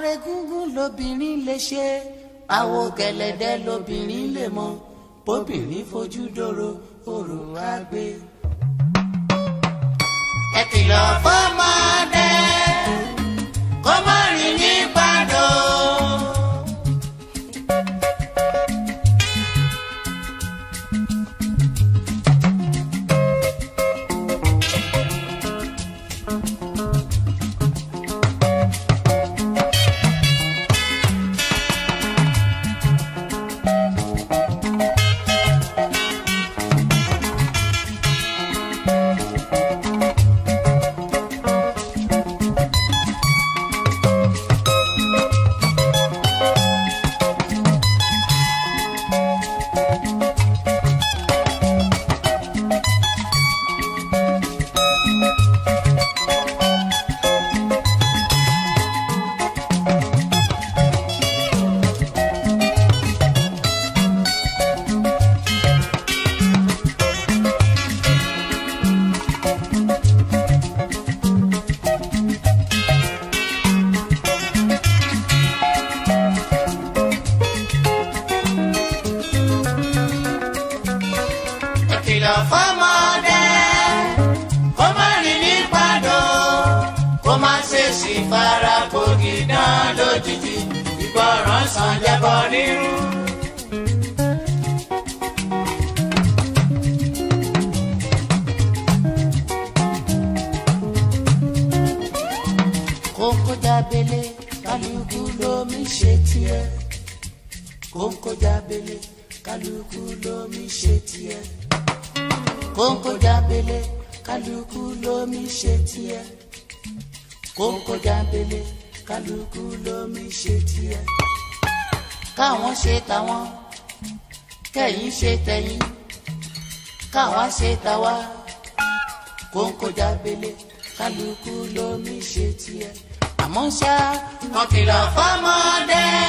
àwòrán egungun lobìnrin lè ṣe àwo gẹ̀lẹ̀dẹ́ lobìnrin lè mọ bóbìnrin fojú dòrò òrò àgbẹ̀. ẹ kìlọ̀ fọ́mọ kìlọ̀ fọ́mọdé kó má rìn ní pàdó kó má ṣe sì fara gbòógì dán lójijì ìgbọràn sàn jẹbọ rírú. kókó jábélé kálukú lómi ṣe tiẹ̀ kókó jábélé kálukú lómi ṣe tiẹ̀ kóńkó jábélé kálukú lómi ṣe tiẹ̀ kóńkó jábélé kálukú lómi ṣe tiẹ̀ káwọn ṣe tàwọn kẹ̀yin ṣe tẹ̀yin káwa ṣe tàwa kóńkó jábélé kálukú lómi ṣe tiẹ̀ àmọ́ ṣá kan kìlọ̀